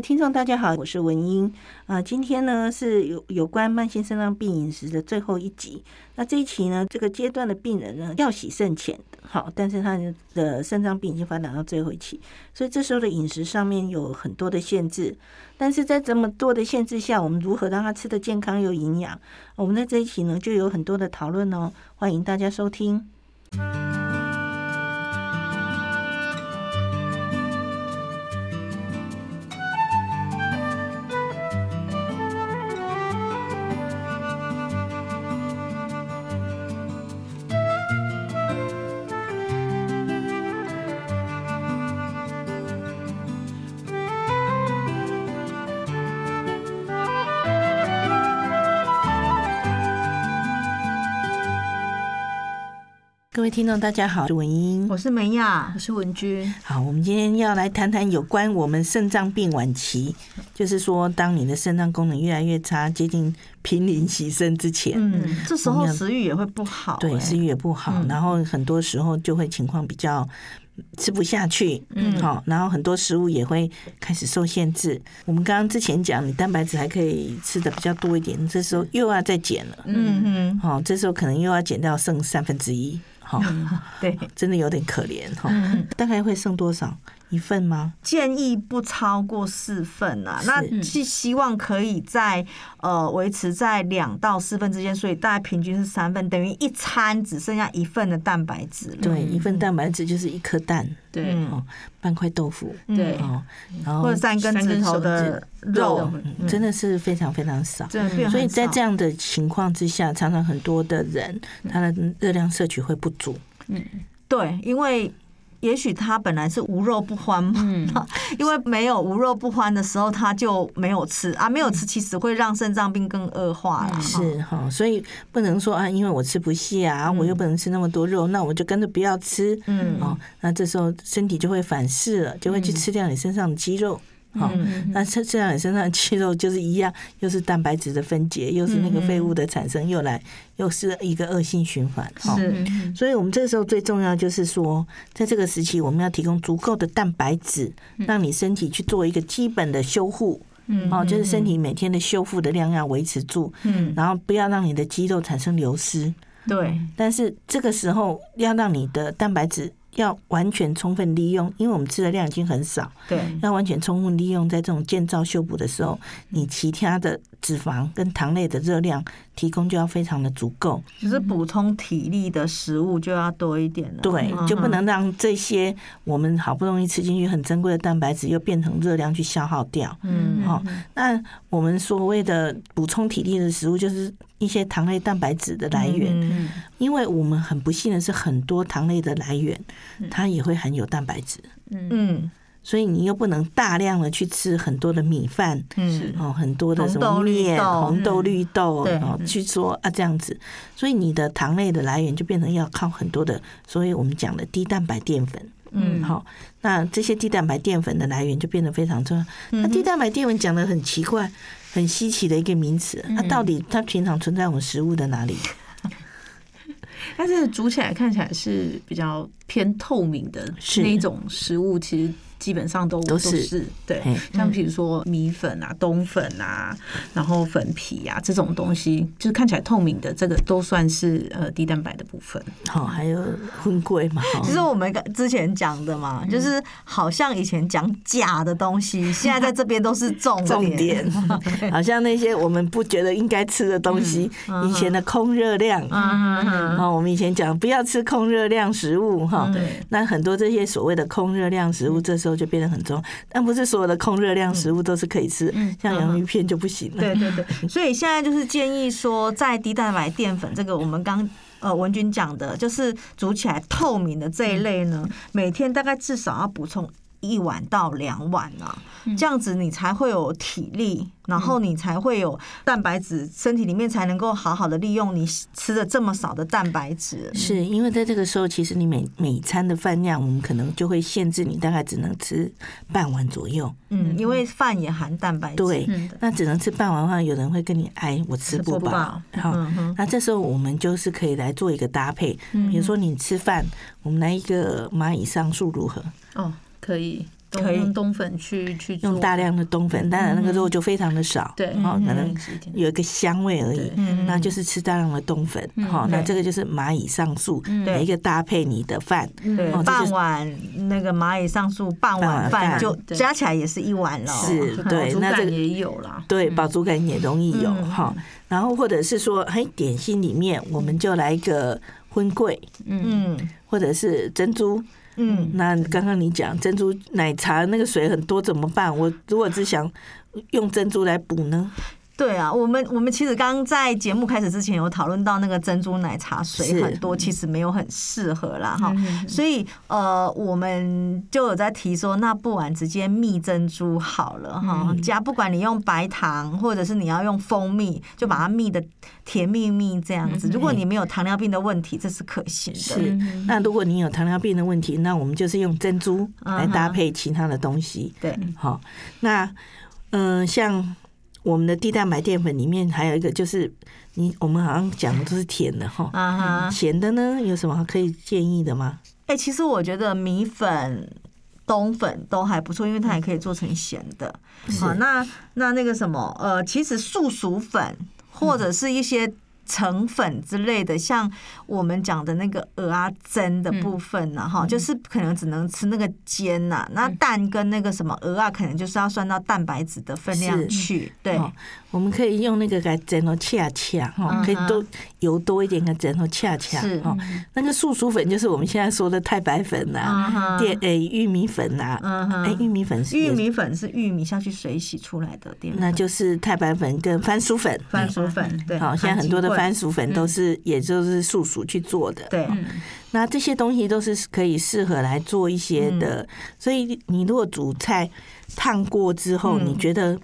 聽眾大家好，我是文音啊。今天呢是有有關慢性腎臟病飲食的最後一集。那這一期呢，這個階段的病人呢，要洗腎前。好，但是他的腎臟病已經發展到最後一期，所以這時候的飲食上面有很多的限制。但是在這麼多的限制下，我們如何讓他吃得健康又營養？我們在這一期呢，就有很多的討論哦，歡迎大家收聽。聽眾大家好，我是文音，我是美雅，我是玟君。好，我們今天要來談談有關我們腎臟病晚期，就是說，當你的腎臟功能越來越差，接近瀕臨洗腎之前，嗯，這時候食欲也會不好、欸，對，食欲也不好、嗯，然後很多時候就會情況比較吃不下去，嗯，好，然後很多食物也會開始受限制。我們剛剛之前講，你蛋白質還可以吃的比較多一點，這時候又要再減了，嗯嗯，好、哦，這時候可能又要減掉剩三分之一。好，對，真的有點可憐哈。嗯、 大概會剩多少？一份嗎？建議不超過四份啊。是那是希望可以在呃維持在兩到四份之間，所以大概平均是三份，等於一餐只剩下一份的蛋白質。對、嗯，一份蛋白質就是一顆蛋，對、嗯嗯，半塊豆腐，對、嗯嗯，然後或者三根指頭的肉，真的是非常非常少。嗯、所以，在這樣的情況之下，常常很多的人他的熱量攝取會不足。嗯，對，因為。也許他本來是無肉不歡嘛，嗯、因為沒有無肉不歡的時候，他就沒有吃啊，沒有吃，其實會讓腎臟病更惡化了。嗯、是哈，所以不能說啊，因為我吃不下，我又不能吃那麼多肉，嗯、那我就跟着不要吃。嗯，哦，那這時候身體就會反噬了，就會去吃掉你身上的肌肉。嗯好、嗯嗯嗯，那這這樣，你身上的肌肉就是一樣，又是蛋白質的分解，又是那個廢物的產生，嗯嗯又來又是一個惡性循環，好、哦，所以我們這個時候最重要就是說，在這個時期我們要提供足夠的蛋白質，讓你身體去做一個基本的修護，嗯嗯，哦，就是身體每天的修復的量要維持住，嗯，嗯，然後不要讓你的肌肉產生流失，對，但是這個時候要讓你的蛋白質，要完全充分利用，因為我們吃的量已經很少。對，要完全充分利用，在這種建造修補的時候，你其他的。脂肪跟糖類的熱量提供就要非常的足夠，就是補充體力的食物就要多一點了。對，就不能讓這些我們好不容易吃進去很珍貴的蛋白質又變成熱量去消耗掉。嗯，嗯，嗯，好、哦，那我們所謂的補充體力的食物就是一些糖類、蛋白質的來源，嗯，嗯，嗯，因為我們很不幸的是，很多糖類的來源它也會含有蛋白質。嗯嗯，嗯。所以你又不能大量的去吃很多的米飯，嗯，很多的什麼麵、紅豆、綠豆，哦、嗯嗯，去做啊這樣子。所以你的糖類的來源就變成要靠很多的，所以我們講的低蛋白澱粉，嗯，好、嗯，那這些低蛋白澱粉的來源就變得非常重要。嗯、那低蛋白澱粉講的很奇怪、很稀奇的一個名詞，那、嗯啊、到底它平常存在我們食物的哪裡？它、嗯、 是煮起來看起來是比較偏透明的是那種食物，其實。基本上都都是對，像比如說米粉啊、冬粉啊，嗯、然後粉皮啊這種東西，就是看起來透明的，這個都算是呃低蛋白的部分。好、哦，還有粉粿嘛、哦，就是我們之前講的嘛，嗯、就是好像以前講假的東西，嗯、現在在這邊都是重點重點，好像那些我們不覺得應該吃的東西，嗯、以前的空熱量、嗯嗯嗯，啊，好、嗯啊嗯啊嗯啊，我們以前講不要吃空熱量食物哈，那、嗯嗯、很多這些所謂的空熱量食物，這、嗯、是。嗯就變得很重，但不是所有的控熱量食物都是可以吃，嗯嗯嗯、像洋芋片就不行了，嗯。對對對，所以現在就是建議說，在低蛋白澱粉 這個我們剛呃玟君講的，就是煮起來透明的這一類呢，每天大概至少要補充。一碗到兩碗啊，這樣子你才會有體力，然後你才會有蛋白質，身體裡面才能夠好好的利用你吃的這麼少的蛋白質，嗯。是，因為在這個時候，其實你每每餐的飯量，我們可能就會限制你大概只能吃半碗左右。嗯，因為飯也含蛋白質，對，那只能吃半碗的話，有人會跟你哎，我吃不飽。好，那這時候我們就是可以來做一個搭配，比如說你吃飯，我們來一個螞蟻上樹如何？哦。可以，用冬粉去去用大量的冬粉，當然那個肉就非常的少，對、嗯喔嗯，可能有一個香味而已，嗯嗯、那就是吃大量的冬粉，嗯喔、那這個就是螞蟻上樹，每一個搭配你的飯，對，半碗那個螞蟻上樹，半碗飯就加起來也是一碗了，是，對，那這個也有了，對，飽足感也容易有哈、嗯喔，然後或者是說，嘿，點心裡面我們就來一個葷貴，嗯，或者是珍珠。嗯，那剛剛，那剛剛你講珍珠奶茶那個水很多怎麼辦？我如果只想用珍珠來補呢？對啊，我們我們其實剛在節目開始之前有討論到那個珍珠奶茶水很多，其實沒有很適合啦哈、嗯。所以呃，我們就有在提說，那不然直接蜜珍珠好了哈、嗯。加不管你用白糖，或者是你要用蜂蜜，就把它蜜的甜蜜蜜這樣子、嗯。如果你沒有糖尿病的問題，這是可行的是。那如果你有糖尿病的問題，那我們就是用珍珠來搭配其他的東西。嗯、對，好，那嗯、呃，像。我們的低蛋白澱粉裡面還有一個，就是你我們好像講的都是甜的哈，啊、uh、哈 -huh. 嗯，鹹的呢，有什麼可以建議的嗎？哎、欸，其實我覺得米粉、冬粉都還不錯，因為它也可以做成鹹的。好、嗯啊，那那那個什麼，呃，其實素薯粉或者是一些。成粉之類的，像我們講的那個蚵仔，蒸的部分呢、啊，哈、嗯，就是可能只能吃那個煎吶、啊嗯。那蛋跟那個什麼蚵仔，可能就是要算到蛋白質的分量。去。嗯、對、哦，我們可以用那個改煎哦，恰恰哈，可以多油多一點的煎哦，恰恰、嗯、是哦。那個樹薯粉，就是我們現在說的太白粉吶、啊，澱、嗯、誒、欸，玉米粉吶、啊，嗯、欸，玉米粉是玉米粉是玉米下去水洗出來的、嗯，那就是太白粉跟番薯粉，番薯粉、嗯、對，好、哦，現在很多的。番薯粉都是，也就是素薯去做的。對、嗯，那這些東西都是可以適合來做一些的、嗯。所以你如果煮菜燙過之後，嗯、你覺得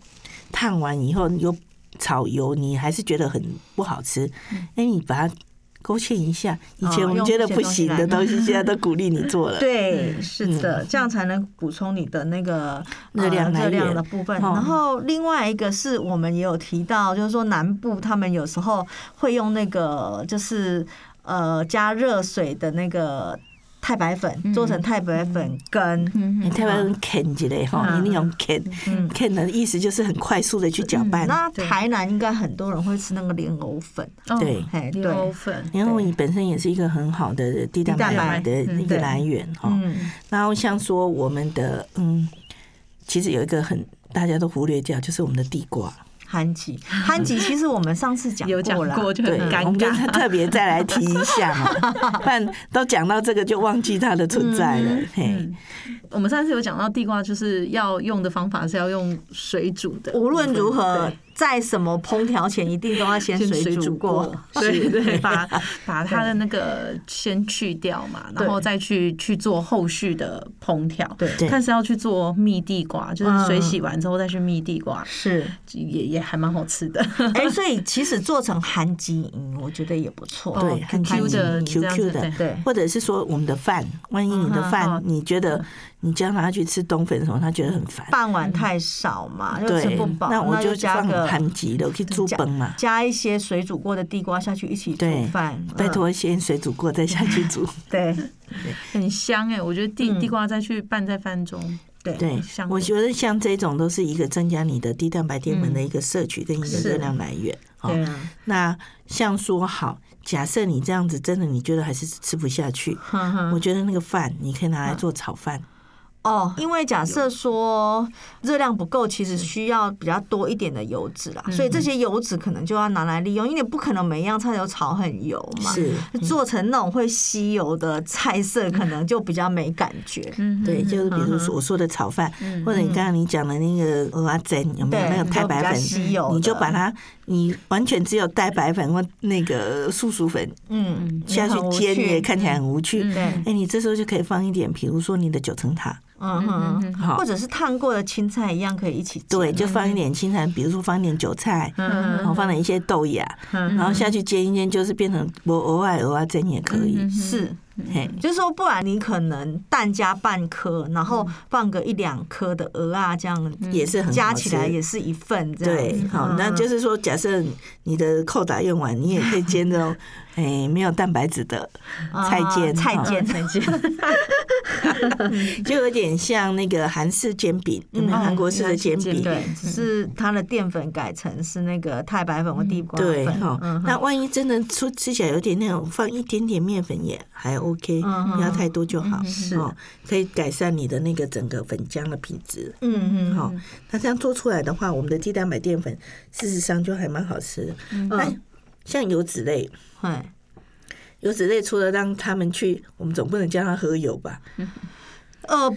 燙完以後又炒油，你還是覺得很不好吃，那、嗯、你把它。勾芡一下，以前我們覺得不行的東西，現在都鼓勵你做了。 對，是的，嗯、這樣才能補充你的那個呃、熱量熱量的部分。然後另外一個是我們也有提到，就是說南部他們有時候會用那個，就是呃加熱水的那個。太白粉做成太白粉羹，嗯嗯嗯，太白羹 can 起來吼，你那種 can can 的意思就是很快速的去攪拌，嗯。那台南應該很多人會吃那個蓮藕粉，對，蓮、哦、藕粉，蓮藕本身也是一個很好的低蛋白的一個來源哈、嗯。然後像說我們的嗯，其實有一個很大家都忽略掉，就是我們的地瓜。憨吉憨吉，其實我們上次講、嗯、有講過很尷尬，對，我們就特別再來提一下嘛，不然 都講到這個就忘記它的存在了。嗯嘿嗯、我們上次有講到地瓜，就是要用的方法是要用水煮的，無論如何。在什麼烹調前，一定都要先水煮過，煮過。對，對對，把把它的那個先去掉嘛，然後再去去做後續的烹調。對，看是要去做蜜地瓜，就是水洗完之後再去蜜地瓜，嗯、是也也還蠻好吃的。哎、欸，所以其實做成韓雞、嗯，我覺得也不錯，對 Q，Q 的 QQ 的，對，或者是說我們的飯，萬一你的飯、嗯、你覺得、嗯、你叫他去吃冬粉的時候，他覺得很煩，半碗太少嘛，嗯、又吃不飽，那我就加個。含積了去煮崩嘛，加，加一些水煮過的地瓜下去一起煮飯。拜托先水煮過再下去煮， 對，很香哎、欸！我覺得地、嗯、地瓜再去拌在飯中，對，對我覺得像這種都是一個增加你的低蛋白澱粉的一個攝取跟一個熱量來源。嗯喔、對、啊、那像說好，假設你這樣子真的你覺得還是吃不下去， 我覺得那個飯你可以拿來做炒飯。哦，因為假設說熱量不夠，其實需要比較多一點的油脂啦，所以這些油脂可能就要拿來利用，因為不可能每一樣菜都炒很油嘛。是做成那種會吸油的菜色，可能就比較沒感覺。嗯、對，就是比如說我說的炒飯、嗯，或者你剛剛你講的那個蚵仔煎，有沒有那個太白粉？吸油，你就把它。你完全只有蛋白粉、或那個素薯粉，嗯，下去煎也看起來很無趣。嗯嗯、對，哎、欸，你這時候就可以放一點，比如說你的九層塔，嗯哼，好，或者是燙過的青菜一樣可以一起煎，對，就放一點青菜，比如說放一點韭菜，嗯，然、嗯、後放點一些豆芽、嗯，然後下去煎一煎，就是變成我額外額外蒸也可以，嗯、是。 就是說，不然你可能蛋加半顆，然後放個一兩顆的蚵啊，這樣也是加起來也是一份這樣，嗯，是。對，好，那就是說，假設你的扣打用完，你也可以煎的哦。 哎，沒有蛋白質的菜煎菜煎，哦，菜煎， 就有點像那個韓式煎餅，嗯，韓國式的煎餅，嗯嗯嗯，是它的澱粉改成是那個太白粉或地瓜粉對，哦嗯嗯，那萬一真的出吃起來有點那種，放一點點麵粉也還 OK，嗯，不要太多就好，嗯，是，哦，可以改善你的那個整個粉漿的品質。嗯嗯，哈，哦，那這樣做出來的話，我們的低蛋白澱粉事實上就還蠻好吃。那，嗯哎嗯，像油脂類。哎，有此類，除了讓他們去，我們總不能叫他喝油吧？ 呃，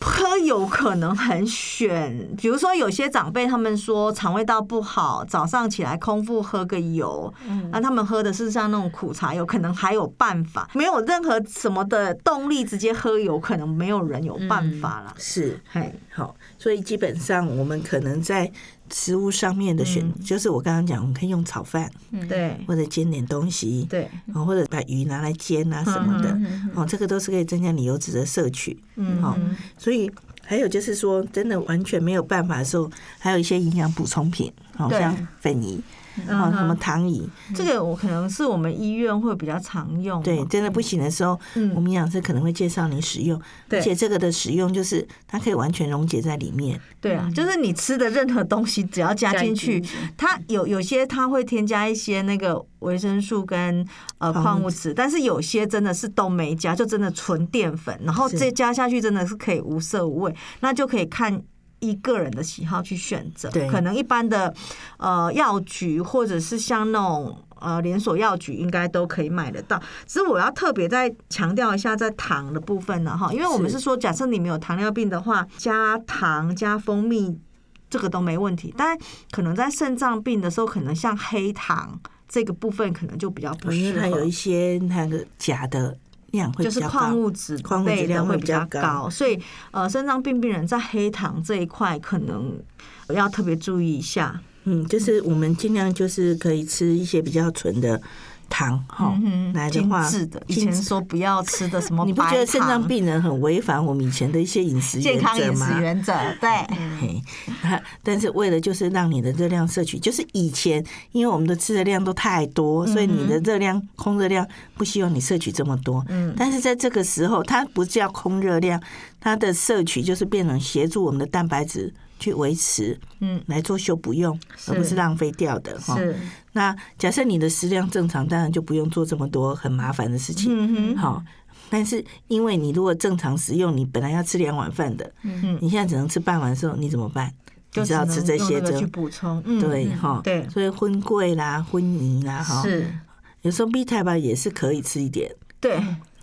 喝油可能很選，比如說有些長輩他們說腸胃道不好，早上起來空腹喝個油，那、嗯啊、他們喝的是像那種苦茶油，可能還有辦法。沒有任何什麼的動力，直接喝油，可能沒有人有辦法啦、嗯。是，哎，好，所以基本上我們可能在。食物上面的選，就是我剛剛講，我們可以用炒飯，對、嗯，或者煎點東西，對，或者把魚拿來煎啊什麼的，嗯嗯嗯、哦，這個都是可以增加你油脂的攝取，嗯，好、哦，所以還有就是說，真的完全沒有辦法的時候，還有一些營養補充品，哦，像粉泥。啊，什麼糖飴，嗯？這個我可能是我們醫院會比較常用。對，真的不行的時候，嗯、我們營養師可能會介紹你使用、嗯。而且這個的使用就是它可以完全溶解在裡面。對啊，嗯、就是你吃的任何東西，只要加進去，它有有些它會添加一些那個維生素跟呃礦物質、嗯，但是有些真的是都沒加，就真的純澱粉。然後這加下去真的是可以無色無味，那就可以看。一個人的喜好去選擇，可能一般的呃藥局或者是像那種呃連鎖藥局應該都可以買得到。只是我要特別再強調一下，在糖的部分呢，哈，因為我們是說，假設你沒有糖尿病的話，加糖加蜂蜜這個都沒問題。但可能在腎臟病的時候，可能像黑糖這個部分，可能就比較不適合，因為它有一些那個鉀的。就是礦物質含量會比較高，所以呃，腎臟病病人在黑糖這一塊可能要特別注意一下。嗯，就是我們盡量就是可以吃一些比較純的。糖嗯，來的話的，以前說不要吃的什麼糖，你不覺得腎臟病人很違反我們以前的一些飲食原則、健康飲食原則？對、嗯，但是為了就是讓你的熱量攝取，就是以前因為我們的吃的量都太多，所以你的熱量空熱量不希望你攝取這麼多。嗯，但是在這個時候，它不叫空熱量，它的攝取就是變成協助我們的蛋白質去維持，嗯，來做修補用，嗯，而不是浪費掉的哈。那假設你的食量正常，當然就不用做這麼多很麻煩的事情。嗯哼，好，但是因為你如果正常食用，你本來要吃兩碗飯的，嗯哼，你現在只能吃半碗的時候，你怎麼辦？就是要吃這些的去補充，嗯，對哈，對，所以葷貴啦，葷營啦，是，有時候 B 太吧也是可以吃一點，對。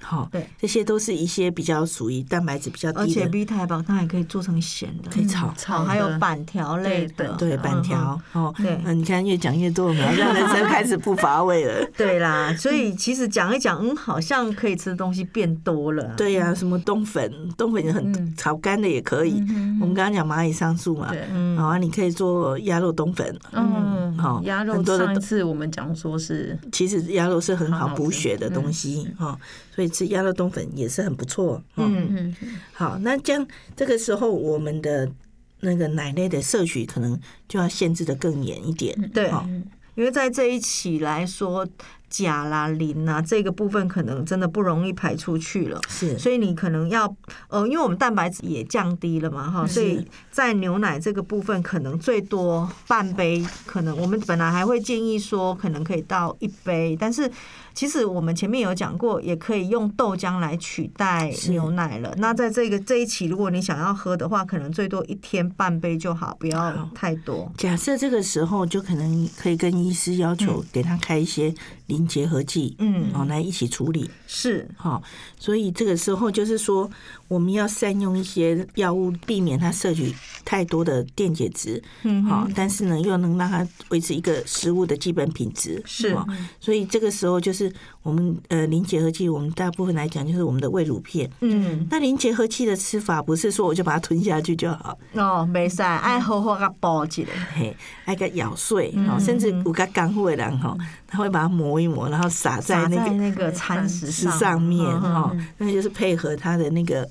好，對，這些都是一些比較屬於蛋白質比較低的，而且米苔目它還可以做成鹹的、嗯，可以炒炒，還有板條類的，嗯、對、嗯、板條、嗯。哦，那、哦啊、你看越講越多好像 人生開始不乏味了。對啦，所以其實講一講、嗯嗯，嗯，好像可以吃的東西變多了。對呀、啊嗯，什麼冬粉，冬粉也很、嗯、炒乾的也可以。嗯、我們剛剛講螞蟻上樹嘛，然後、嗯啊、你可以做鴨肉冬粉。哦、嗯，好，鴨肉上一次我們講說是，其實鴨肉是很好補血的東西。哦、嗯。嗯所以吃鴨肉冬粉也是很不錯、哦。嗯嗯，好，那這樣這個時候我們的那個奶類的攝取可能就要限制得更嚴一點、嗯哦。對，因為在這一期來說鉀啦、磷啦、啊，這個部分可能真的不容易排出去了。是，所以你可能要呃，因為我們蛋白質也降低了嘛，哈、哦，所以在牛奶這個部分可能最多半杯，可能我們本來還會建議說可能可以倒一杯，但是。其實我們前面有講過，也可以用豆漿來取代牛奶了。那在這個這一期，如果你想要喝的話，可能最多一天半杯就好，不要太多。假設這個時候，就可能可以跟醫師要求給他開一些。磷結合劑，嗯，哦，來一起處理，嗯、是，好，所以這個時候就是說，我們要善用一些藥物，避免它攝取太多的電解質，嗯，好，但是呢，又能讓它維持一個食物的基本品質，是，所以這個時候就是我們呃磷結合劑，我們大部分來講就是我們的胃乳片，嗯，那磷結合劑的吃法不是說我就把它吞下去就好，哦，沒事，愛好好給它包起來，嘿、嗯，愛個咬碎、嗯，甚至有個乾貨的人哈，他會把它磨。然後撒在那個那個餐食上面那上面、嗯、那就是配合它的那個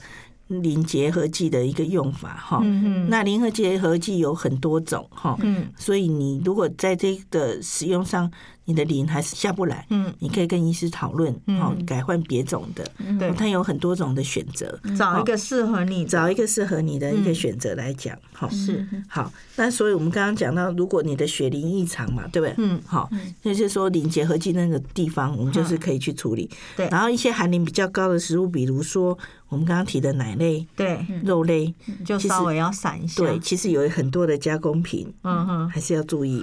磷結合劑的一個用法嗯，嗯那磷和結合劑有很多種嗯，所以你如果在這個使用上。你的磷還是下不來，嗯，你可以跟醫師討論，好、嗯哦、改換別種的、嗯，對，它有很多種的選擇、嗯哦，找一個適合你、嗯，找一個適合你的一個選擇來講，好、嗯哦、是、嗯、好。那所以我們剛剛講到，如果你的血磷異常嘛，對不對？嗯，好、哦嗯，就是說磷結合劑那個地方，我們就是可以去處理。對、嗯，然後一些含磷比較高的食物，比如說我們剛剛提的奶類，對、嗯，肉類、嗯、就稍微要散一下，對，其實有很多的加工品，嗯哼、嗯嗯，還是要注意。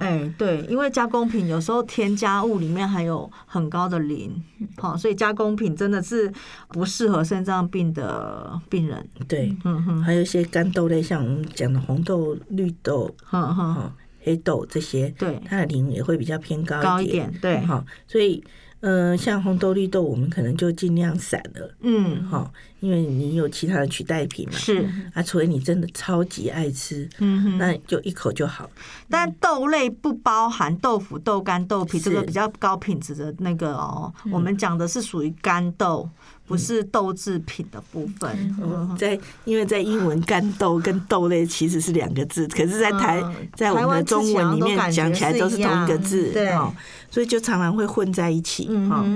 哎、欸，對，因為加工品有時候添加物裡面還有很高的磷，好，所以加工品真的是不適合腎臟病的病人。對，嗯，還有一些乾豆類，像我們講的紅豆、綠豆、嗯、黑豆這些，對，它的磷也會比較偏高一點，高一點，對，所以。嗯、呃，像紅豆綠豆，我們可能就盡量散了，嗯，好，因為你有其他的取代品嘛，是啊，除非你真的超級愛吃，嗯哼，那就一口就好、嗯。但豆類不包含豆腐、豆乾、豆皮這個比較高品質的那個哦，我們講的是屬於乾豆。嗯嗯不是豆製品的部分，在因為在英文“乾豆”跟“豆類”其實是兩個字，可是，在台在我們的中文裡面講起來都是同一個字，對，所以就常常會混在一起，哈。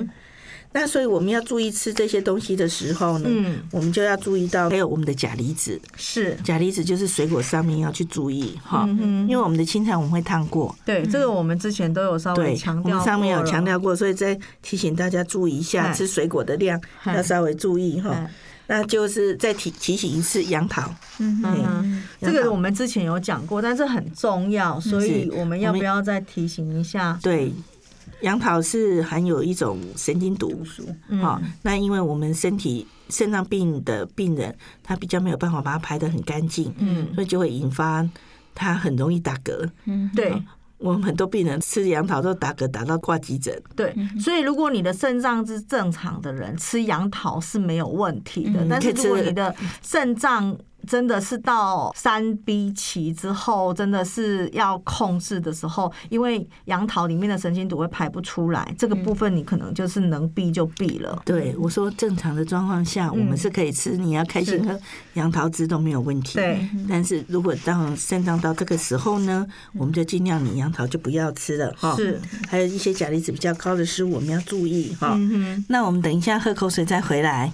那所以我們要注意吃這些東西的時候呢，嗯、我們就要注意到，還有我們的鉀離子是鉀離子，是鉀離子，就是水果上面要去注意哈、嗯嗯，因為我們的青菜我們會燙過，對這個我們之前都有稍微強調，上面有強調過，所以再提醒大家注意一下，吃水果的量要稍微注意哈。那就是再提提醒一次楊桃，嗯，嗯，楊桃，這個我們之前有講過，但是很重要，所以我們要不要再提醒一下？嗯、對。楊桃是含有一種神經毒素，嗯喔、那因為我們身體腎臟病的病人，他比較沒有辦法把它排的很乾淨，嗯，所以就會引發他很容易打嗝，嗯，喔、對，我們很多病人吃楊桃都打嗝，打到掛急診，對，所以如果你的腎臟是正常的人，吃楊桃是沒有問題的，嗯、但是如果你的腎臟真的是到三 B 期之後，真的是要控制的時候，因為楊桃裡面的神經毒會排不出來，這個部分你可能就是能避就避了。嗯、對，我說正常的狀況下，嗯，我們是可以吃，你要開心喝楊桃汁都沒有問題。對，但是如果到腎臟到這個時候呢，我們就盡量你楊桃就不要吃了。是，還有一些鉀離子比較高的食物，我們要注意哈，嗯。那我們等一下喝口水再回來。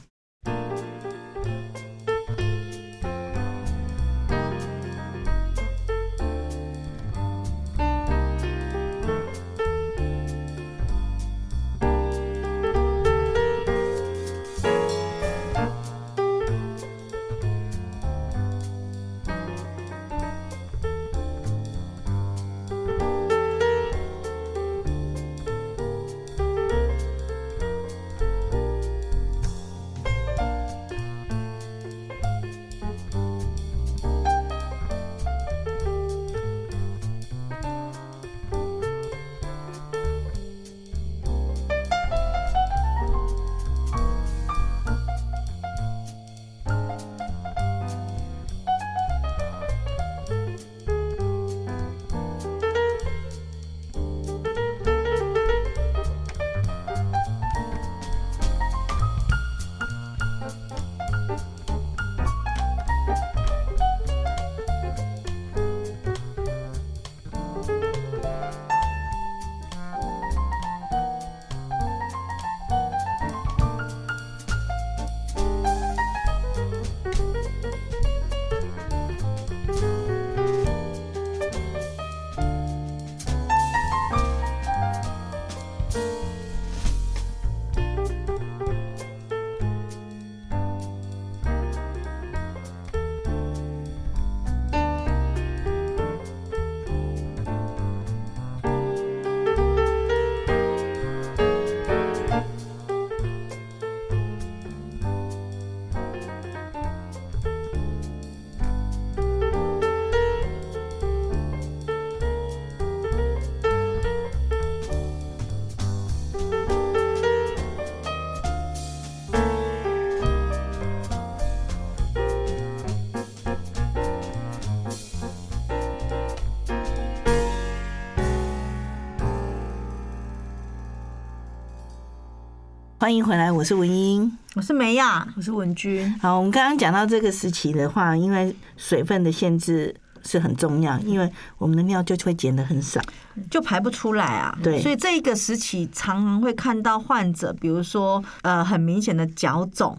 歡迎回來，我是文音，我是美雅，我是玟君。好，我們剛剛講到這個時期的話，因為水分的限制是很重要，因為我們的尿就會減得很少，嗯，就排不出來啊。對，所以這個時期常常會看到患者，比如說呃，很明顯的腳腫。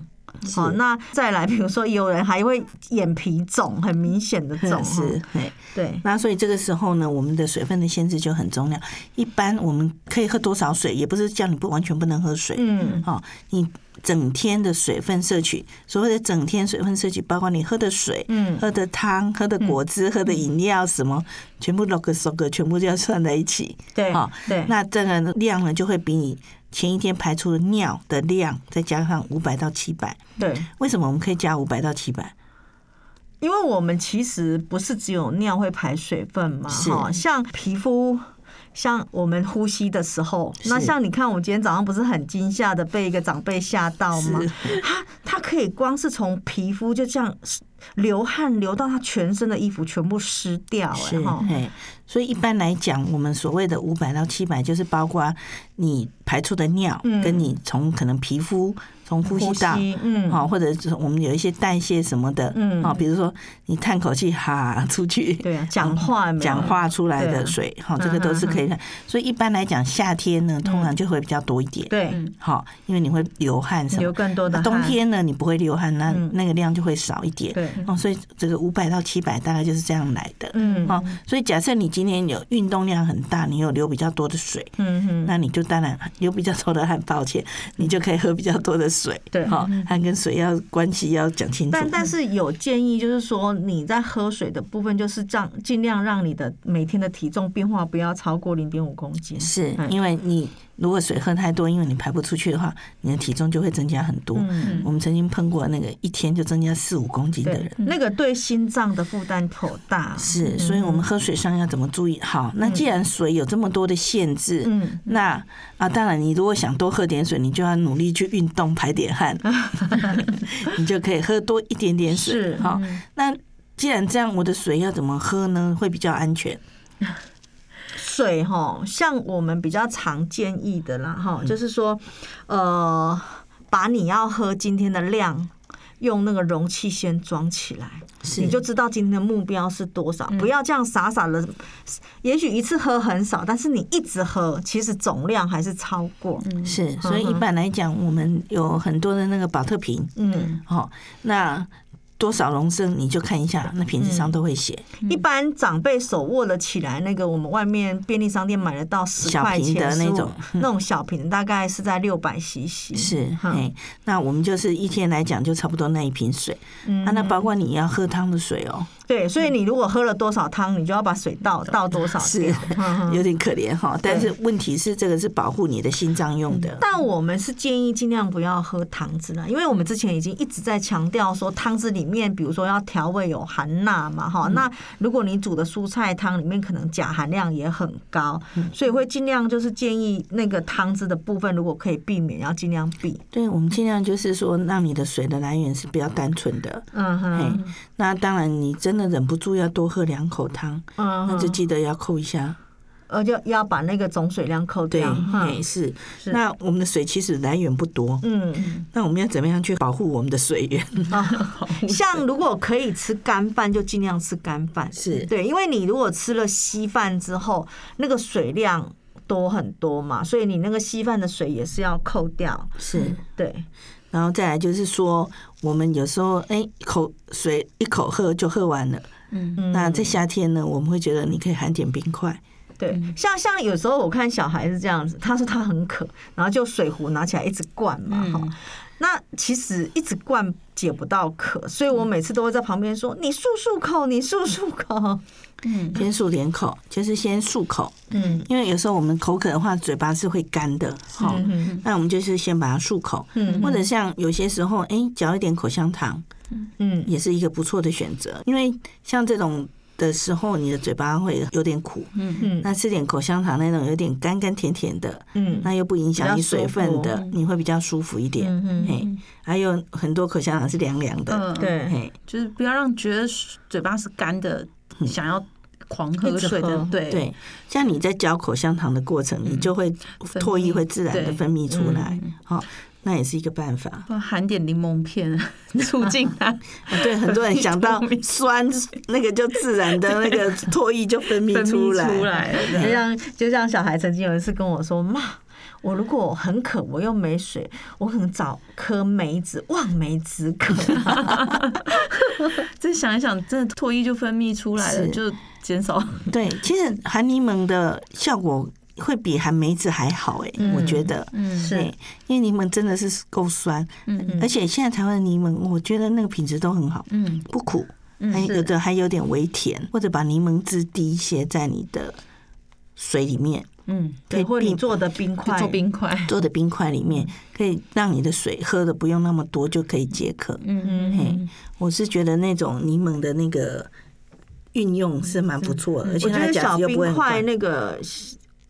好，那再來，比如說有人還會眼皮腫，很明顯的腫、哦，是，對，那所以這個時候呢，我們的水分的限制就很重要。一般我們可以喝多少水，也不是叫你不完全不能喝水，嗯，好、哦，你整天的水分攝取，所謂的整天水分攝取，包括你喝的水，嗯，喝的湯，喝的果汁，嗯、喝的飲料什麼，全部六個、六個，全部就要算在一起，對，好、哦，對，那這個量呢，就會比你。前一天排出的尿的量，再加上五百到七百。對，為什麼我們可以加五百到七百？因為我們其實不是只有尿會排水分嘛，哈。像皮膚，像我們呼吸的時候，那像你看，我今天早上不是很驚嚇的被一個長輩嚇到嗎？可以光是從皮膚就這樣流汗流到他全身的衣服全部濕掉，欸，哈。所以一般來講，我們所謂的五百到七百，就是包括你排出的尿，跟你從可能皮膚。從呼吸道，嗯，好，或者是我們有一些代謝什麼的，嗯，啊，比如說你嘆口氣哈出去，對，講、嗯、話，講話出來的水，哈、哦，這個都是可以的、嗯。所以一般來講，夏天呢，通常就會比較多一點，對，好、嗯，因為你會流汗什麼，流更多的、啊、冬天呢，你不會流汗，那那個量就會少一點，對。哦，所以這個五百到七百大概就是這樣來的，嗯，好、哦。所以假設你今天有運動量很大，你有流比較多的水，嗯哼，那你就當然流比較多的汗，抱歉，你就可以喝比較多的水。水對哈、哦，汗跟水要關係要講清楚。但但是有建議，就是說你在喝水的部分，就是盡量讓你的每天的體重變化不要超過零點五公斤，是因為你。如果水喝太多，因為你排不出去的話，你的體重就會增加很多。嗯、我們曾經碰過那個一天就增加四五公斤的人，那個對心臟的負擔頗大。是，所以，我們喝水上要怎麼注意？好，那既然水有這麼多的限制，嗯、那啊，當然，你如果想多喝點水，你就要努力去運動排點汗， 你就可以喝多一點點水。是好、嗯，那既然這樣，我的水要怎麼喝呢？會比較安全？水哈、喔，像我們比較常建議的啦哈，就是說，呃，把你要喝今天的量用那個容器先裝起來，你就知道今天的目標是多少。不要這樣傻傻的，嗯、也許一次喝很少，但是你一直喝，其實總量還是超過。是，所以一般來講，我們有很多的那個保特瓶，嗯，嗯那。多少毫升你就看一下，嗯、那瓶子上都會寫。一般長輩手握了起來，那個我們外面便利商店買得到十塊錢小瓶的那種，嗯、那種小瓶大概是在六百 CC。是、嗯欸，那我們就是一天來講就差不多那一瓶水，那、嗯啊、那包括你要喝湯的水哦。對，所以你如果喝了多少湯，你就要把水倒倒多少。是，有點可憐哈、嗯。但是問題是，這個是保護你的心臟用的。但我們是建議盡量不要喝湯汁呢，因為我們之前已經一直在強調說，湯汁裡面，比如說要調味有含鈉嘛，哈。那如果你煮的蔬菜湯裡面可能鉀含量也很高，所以會盡量就是建議那個湯汁的部分，如果可以避免，要盡量避。對，我們盡量就是說，讓你的水的來源是比較單純的。嗯哼。那當然，你真的。那忍不住要多喝兩口湯，uh -huh. 那就記得要扣一下，呃，就要把那個總水量扣掉。對，沒、嗯、事、欸。那我們的水其實來源不多，嗯，那我們要怎麼樣去保護我們的水源？Uh -huh. 像如果可以吃乾飯，就儘量吃乾飯。是對，因為你如果吃了稀飯之後，那個水量多很多嘛，所以你那個稀飯的水也是要扣掉。是、嗯、對。然後再來就是說，我們有時候哎，欸、一口水一口喝就喝完了。嗯嗯。那在夏天呢，我們會覺得你可以含點冰塊。對，像像有時候我看小孩子這樣子，他說他很渴，然後就水壺拿起來一直灌嘛，哈、嗯。那其實一直灌解不到渴，所以我每次都會在旁邊說：“你漱漱口，你漱漱口。”嗯，先漱點口，就是先漱口。嗯，因為有時候我們口渴的話，嘴巴是會乾的。好、嗯，那我們就是先把它漱口、嗯。或者像有些時候，哎、欸，嚼一點口香糖。嗯嗯，也是一個不錯的選擇，因為像這種。的時候，你的嘴巴會有點苦，嗯嗯，那吃點口香糖那種有點甘甘甜甜的，嗯，那又不影響你水分的、哦，你會比較舒服一點，嗯,嗯嘿還有很多口香糖是涼涼的，對、嗯嗯，就是不要讓覺得嘴巴是乾的、嗯，想要狂喝水的，對對，像你在嚼口香糖的過程、嗯，你就會唾液會自然的分泌出來，好。嗯哦那也是一個辦法，含點檸檬片促進它。對，很多人想到酸，那個就自然的那個唾液就分泌出來。就像就像小孩曾經有一次跟我說媽，我如果很渴，我又沒水，我可能找顆梅子，望梅止渴。這想一想，真的唾液就分泌出來了，就減少。 對，其實含檸檬的效果。會比含梅子還好哎、欸嗯，我覺得，嗯，是，因為檸檬真的是夠酸，嗯，嗯，而且現在台灣的檸檬，我覺得那個品質都很好，嗯，不苦，嗯，或者還有點微甜，或者把檸檬汁滴一些在你的水裡面，嗯，可以，或你做的冰塊，做冰塊做的冰塊裡面，可以讓你的水喝得不用那麼多就可以解渴，嗯嗯，嗯、欸，我是覺得那種檸檬的那個運用是蠻不錯的，而且它小冰塊那個。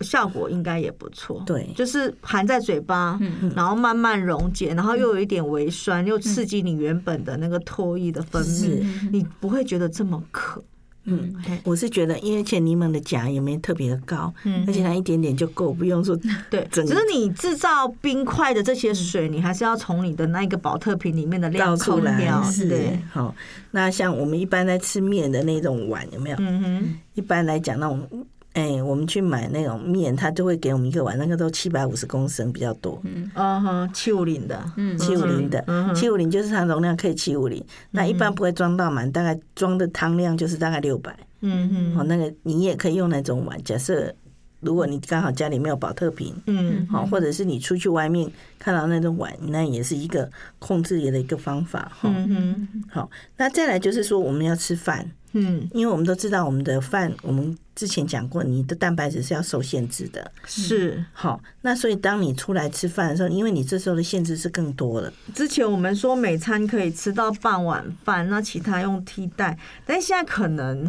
效果應該也不錯，對，就是含在嘴巴，嗯、然後慢慢溶解，嗯，然後又有一點微酸，嗯，又刺激你原本的那個唾液的分泌，嗯，你不會覺得這麼渴。嗯，嗯，我是覺得，因為前檸檬的鉀也沒特別的高，嗯，而且它一點點就夠，不用說、嗯、對。只是你製造冰塊的這些水，嗯，你還是要從你的那個保特瓶裡面的倒出來是。對，好，那像我們一般在吃麵的那種碗有沒有？嗯哼，一般來講那種。哎、欸，我們去買那種麵，它就會給我們一個碗，那個都七百五十公升比較多。嗯，啊、哦、哈，七五零的，嗯、七五零的、嗯七五零，嗯，七五零就是它容量可以七五零，嗯、那一般不會裝到滿，大概裝的湯量就是大概六百、嗯。嗯嗯，好、哦，那個你也可以用那種碗，假設如果你剛好家裡沒有寶特瓶，嗯，好、嗯，或者是你出去外面看到那種碗，那也是一個控制的一個方法。嗯、哦、嗯，好、嗯哦，那再來就是說我們要吃飯。嗯，因為我們都知道，我們的飯，我們之前講過，你的蛋白質是要受限制的。嗯、是，好，那所以當你出來吃飯的時候，因為你這時候的限制是更多的。之前我們說每餐可以吃到半碗飯，那其他用替代，但現在可能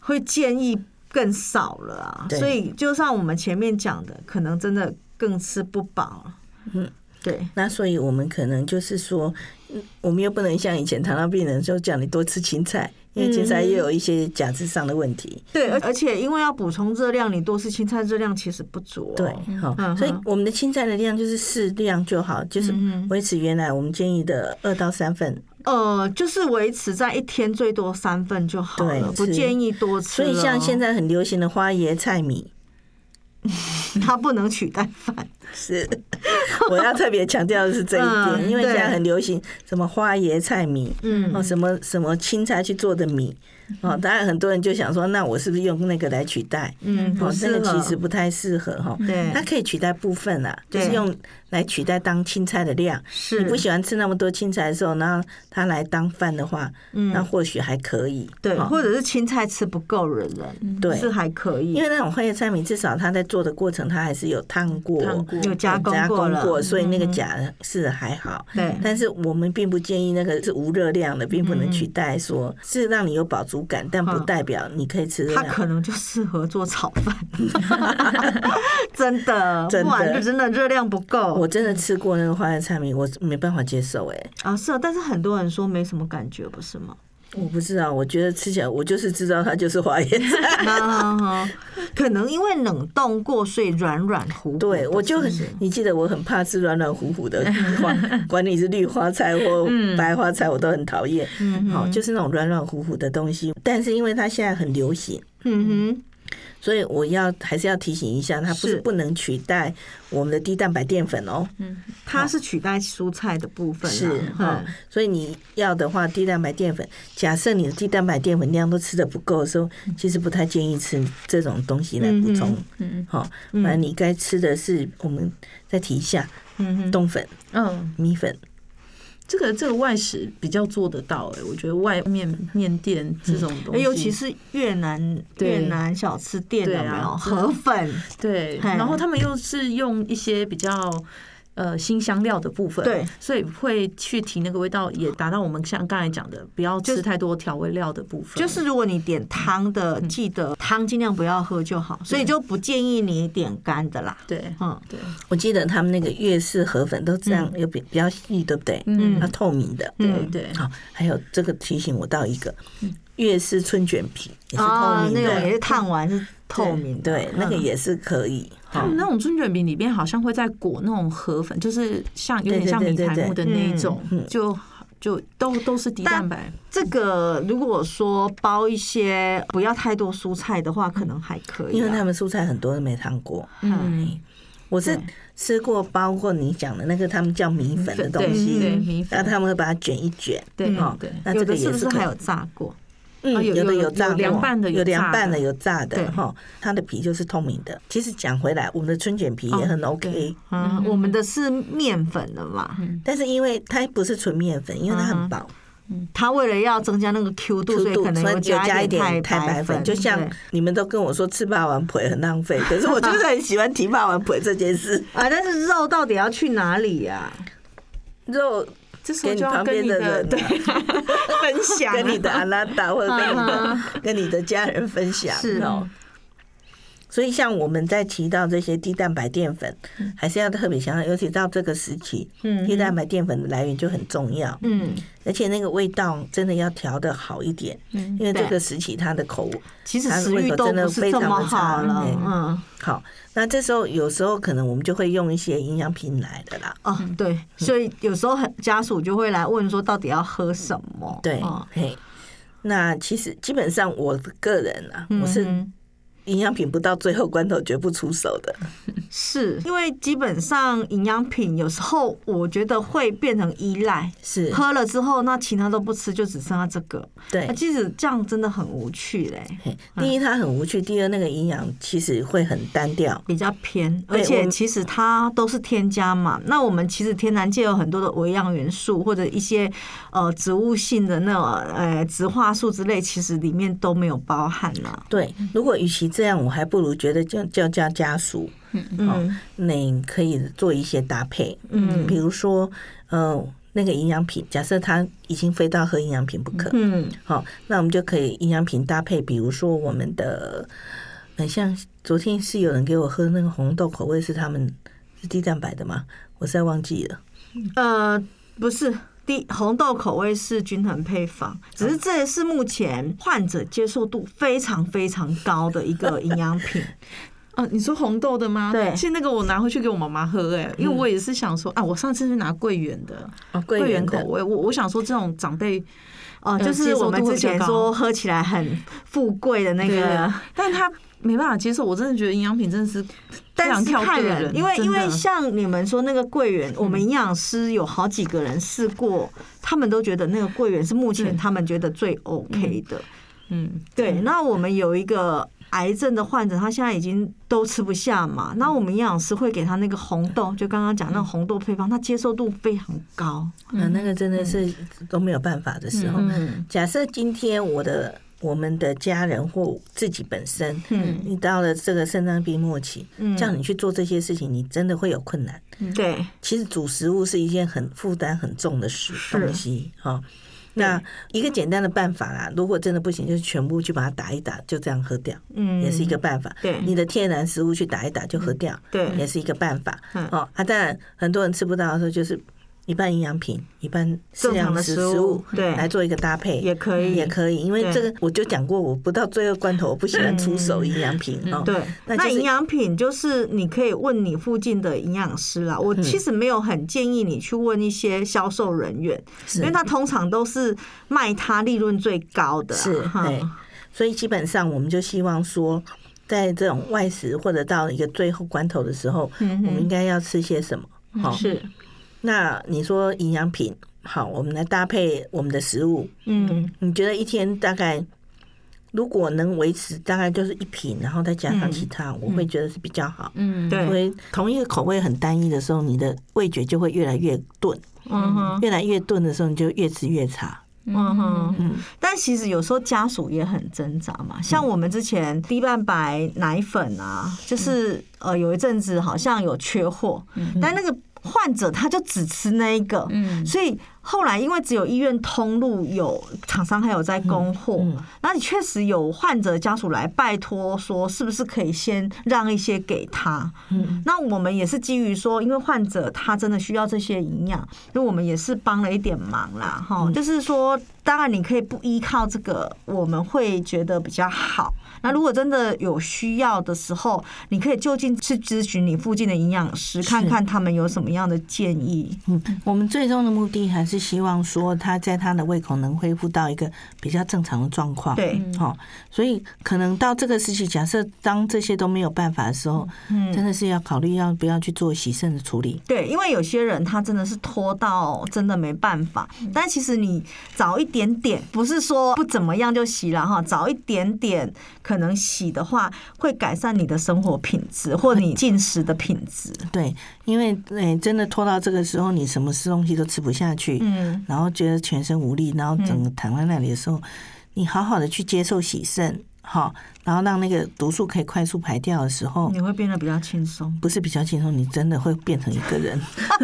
會建議更少了啊。所以就像我們前面講的，可能真的更吃不飽。嗯。對，那所以我們可能就是說，我們又不能像以前糖尿病人就講你多吃青菜，嗯、因為青菜也有一些鉀質上的問題。對，而且因為要補充熱量，你多吃青菜熱量其實不足、哦。對、嗯，所以我們的青菜的量就是適量就好、嗯，就是維持原來我們建議的二到三份。呃，就是維持在一天最多三份就好了、對，不建議多吃。所以像現在很流行的花椰菜米。 他不能取代飯，是我要特別強調的是這一點，因為現在很流行什麼花椰菜米，嗯，什麼什麼青菜去做的米。哦，當然很多人就想說，那我是不是用那個來取代？嗯，哦、那個其實不太適合哈、哦。對，它可以取代部分啦、啊，就是用來取代當青菜的量。是你不喜歡吃那麼多青菜的時候，然後它來當飯的話，嗯、那或許還可以。對、哦，或者是青菜吃不夠的人、嗯對，是還可以。因為那種黑葉菜品至少它在做的過程，它還是有燙過，過、有加工過，加工過、嗯、所以那個鉀是還好。對，但是我們並不建議那個是無熱量的、嗯，並不能取代說，說、嗯、是讓你有飽足。但不代表你可以吃，嗯。它可能就適合做炒飯。 真的，真的，真的熱量不夠。我真的吃過那個花椰菜米，我沒辦法接受，欸。哎，啊，是，哦，但是很多人說沒什麼感覺，不是嗎？我不知道，我覺得吃起來，我就是知道它就是花椰菜。 可能因為冷凍過，所以軟軟糊糊。對，我就你記得，我很怕吃軟軟糊糊的 管你是綠花菜或白花菜， 我都很討厭。嗯，好，就是那種軟軟糊糊的東西。但是因為它現在很流行，嗯，嗯，嗯所以我要還是要提醒一下，它不是不能取代我們的低蛋白澱粉哦。它是取代蔬菜的部分。是，所以你要的話，低蛋白澱粉，假設你的低蛋白澱粉量都吃得不夠的時候，其實不太建議吃這種東西來補充。嗯，好，那你該吃的是我們再提一下，嗯，冬粉，嗯，米粉。這個這個外食比較做得到誒、欸，我覺得外面麵店這種東西，嗯欸、尤其是越南越南小吃店，有沒有？對啊，河粉？對、嗯對嗯，然後他們又是用一些比較。呃，辛香料的部分，對，所以會去提那個味道，也達到我們像剛才講的，不要吃太多調味料的部分。就、就是如果你點湯的、嗯，記得湯盡量不要喝就好、嗯，所以就不建議你點乾的啦。對，嗯，對。我記得他們那個粵式河粉都這樣，又比比較細，對不對？嗯，要透明的。對、嗯、對。好對，還有這個提醒我到一個。嗯越式春捲皮也是透明，啊、那種也是燙完是透明，對，對，對，嗯，那個也是可以。嗯，他們那種春捲餅裡邊好像會在裹那種河粉，嗯，就是像有點像米苔目的那一種，對對對對，嗯，就就都都是低蛋白。這個如果說包一些不要太多蔬菜的話，嗯，可能還可以、啊。因為他們蔬菜很多都沒燙過，嗯。嗯，我是吃過，包括你講的那個，他們叫米粉的東西，對對對，米粉，那他們會把它捲一捲。對，哦，對，對，那這個也是。是，是還有炸過。嗯、有，有，有，有，的，有的有炸的，有涼拌的，有炸的，有，的，有炸的，炸的它的皮就是透明的。其實講回來，我們的春卷皮也很 OK，我們的是麵粉的嘛，但是因為它不是純麵粉、嗯嗯，因為它很薄、嗯。它為了要增加那個 Q 度，度所以可能加一點太白粉，太白粉。就像你們都跟我說，吃霸王腿很浪費，可是我就是很喜歡提霸王腿這件事 啊。但是肉到底要去哪裡呀、啊？肉。就跟，你跟你旁邊的人分享，跟你的阿拉達，或者跟你的跟你的家人分享， 是哦所以，像我們在提到這些低蛋白澱粉，還是要特別想想，尤其到這個時期，低蛋白澱粉的來源就很重要。嗯，而且那個味道真的要調的好一點、嗯，因為這個時期它的口，其實味道真的非常的差好了、欸。嗯，好，那這時候有時候可能我們就會用一些營養品來的啦。哦、嗯，對，所以有時候家屬就會來問說，到底要喝什麼？對、嗯，那其實基本上我個人啊，嗯、我是。營養品不到最後關頭絕不出手的，是因為基本上營養品有時候我覺得會變成依賴，是喝了之後那其他都不吃，就只剩下這個，對，那其實這樣真的很無趣嘞、欸。第一，它很無趣，第二，那個營養其實會很單調，比較偏，而且其實它都是添加嘛。我那我們其實天然界有很多的微量元素或者一些呃植物性的那種呃植化素之類，其實裡面都沒有包含了。對，如果與其。這樣我還不如覺得叫叫叫家屬，嗯嗯、哦，那你可以做一些搭配，嗯，比如說，呃，那個營養品，假設他已經非到喝營養品不可，嗯，好、哦，那我們就可以營養品搭配，比如說我們的，很、嗯、像昨天是有人給我喝那個紅豆口味，是他們是低蛋白的嗎？我現在忘記了，呃，不是。第一紅豆口味是均衡配方，只是這是目前患者接受度非常非常高的一個營養品。 啊，你說紅豆的嗎？對，其實那個我拿回去給我媽媽喝，欸，哎，因為我也是想說，啊，我上次去拿桂圓的，啊，哦，桂圓口味，我我想說這種長輩，哦，就是我們之前說喝起來很富貴的那個， 但他沒辦法接受，我真的覺得營養品真的是。但是看人，因為因為像你們說那個桂圓，我們營養師有好幾個人試過，他們都覺得那個桂圓是目前他們覺得最 OK 的。嗯，對。那我們有一個癌症的患者，他現在已經都吃不下嘛。那我們營養師會給他那個紅豆，就剛剛講那個紅豆配方，他接受度非常高。嗯，嗯，嗯，那個真的是都沒有辦法的時候。嗯。嗯，假設今天我的。我們的家人或自己本身，嗯，你到了這個腎臟病末期，嗯，叫你去做這些事情，嗯，你真的會有困難，對。其實煮食物是一件很負擔很重的事東西啊。那，哦，一個簡單的辦法啦，如果真的不行，就是全部去把它打一打，就這樣喝掉，嗯，也是一個辦法。對，你的天然食物去打一打就喝掉，對，也是一個辦法。嗯、哦，啊，當然，很多人吃不到的時候就是。一半營養品，一半量正常的食物，對，來做一個搭配，也可以，也可以。因為這個，我就講過，我不到最後關頭，我不喜歡出手營養品。嗯嗯、哦、嗯，對，那營、就、養、是、品就是你可以問你附近的營養師啦。我其實沒有很建議你去問一些銷售人員、嗯，因為他通常都是賣他利潤最高的、啊是嗯。是，對。所以基本上，我們就希望說，在這種外食或者到一個最後關頭的時候，嗯嗯、我們應該要吃些什麼？好、嗯哦，是。那你說營養品好，我們來搭配我們的食物。嗯，你覺得一天大概如果能維持大概就是一瓶，然後再加上其他，嗯、我會覺得是比較好。嗯，對，因為同一個口味很單一的時候，你的味覺就會越來越鈍。嗯哼，越來越鈍的時候，你就越吃越差。嗯哼，嗯，但其實有時候家屬也很掙扎嘛。像我們之前低蛋白奶粉啊，嗯、就是呃有一陣子好像有缺貨、嗯，但那個。患者他就只吃那一個，嗯，所以。後來，因為只有醫院通路有廠商還有在供貨。嗯嗯，那你確實有患者家屬來拜托說，是不是可以先讓一些給他？嗯，那我們也是基於說，因為患者他真的需要這些營養，那我們也是幫了一點忙啦，哈、嗯。就是說，當然你可以不依靠這個，我們會覺得比較好。那如果真的有需要的時候，你可以就近去諮詢你附近的營養師，看看他們有什麼樣的建議。嗯，我們最終的目的還是。希望說他在他的胃口能恢復到一個比較正常的狀況，對，哦，所以可能到這個時期，假設當這些都沒有辦法的時候，真的是要考慮要不要去做洗腎的處理。對，因為有些人他真的是拖到真的沒辦法，嗯，但其實你早一點點，不是說不怎麼樣就洗了哈，早一點點。可能洗的話，會改善你的生活品質，或者你進食的品質。嗯，對，因為對，欸，真的拖到這個時候，你什麼東西都吃不下去，嗯，然後覺得全身無力，然後整個躺在那裡的時候，嗯，你好好的去接受洗腎。好，然後讓那個毒素可以快速排掉的時候，你會變得比較輕鬆。不是比較輕鬆，你真的會變成一個人，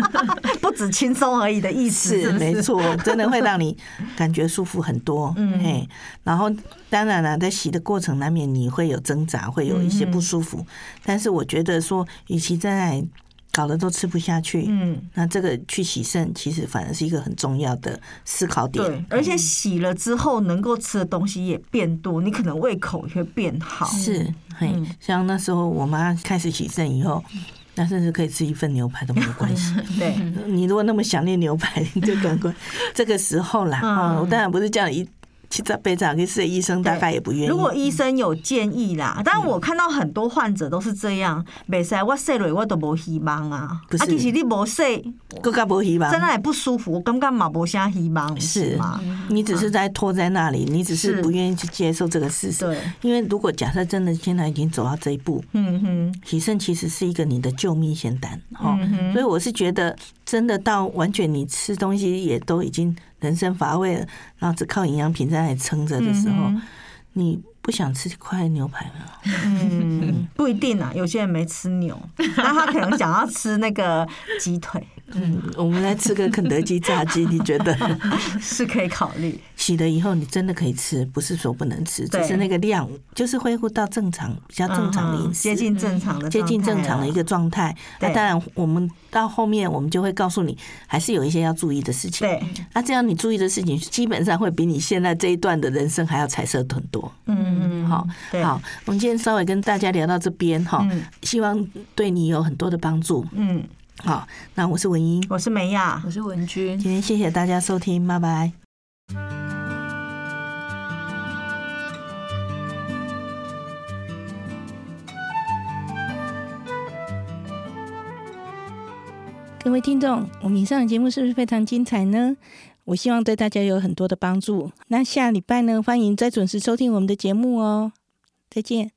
不止輕鬆而已的意思是是。沒錯，真的會讓你感覺舒服很多。嗯，然後當然了，在洗的過程難免你會有掙扎，會有一些不舒服。嗯、但是我覺得說，與其在搞得都吃不下去，嗯，那這個去洗腎其實反而是一個很重要的思考點，對，而且洗了之後能夠吃的東西也變多，嗯，你可能胃口也會變好，是，嘿，嗯、像那時候我媽開始洗腎以後，那甚至可以吃一份牛排都沒關係， 對，你如果那麼想念牛排，你就趕快 這個時候啦啊，嗯，我當然不是叫你。其實北長去師醫生大概也不願意。如果醫生有建議啦、嗯，但我看到很多患者都是這樣。沒、嗯、事，我洗了我都無希望不是啊，啊其實你沒洗更加無希望，真的不舒服，剛剛嘛，無啥希望是，是嗎、嗯？你只是在拖在那裡，嗯、你只是不願意去接受這個事實。因為如果假設真的現在已經走到這一步，嗯哼，洗腎其實是一個你的救命仙丹、嗯哦、所以我是覺得真的到完全你吃東西也都已經。人生乏味，然後只靠營養品在那裡撐着的時候、嗯，你不想吃塊牛排嗎、嗯？不一定啊，有些人沒吃牛，但 他可能想要吃那個雞腿。嗯，我們來吃個肯德基炸雞， 你覺得是可以考慮？洗了以後你真的可以吃，不是說不能吃，只是那個量，就是恢復到正常，比較正常的飲食、嗯，接近正常的、嗯，接近正常的一個狀態。那、啊、當然，我們到後面我們就會告訴你，還是有一些要注意的事情。對，那、啊、這樣你注意的事情，基本上會比你現在這一段的人生還要彩色很多。嗯嗯，好，好，我們今天稍微跟大家聊到這邊哈、嗯，希望對你有很多的幫助。嗯。好，那我是文音，我是美雅，我是玟君，今天謝謝大家收聽，拜拜。各位聽眾，我們以上的節目是不是非常精彩呢？我希望對大家有很多的幫助。那下禮拜呢，歡迎再準時收聽我們的節目哦、喔。再見。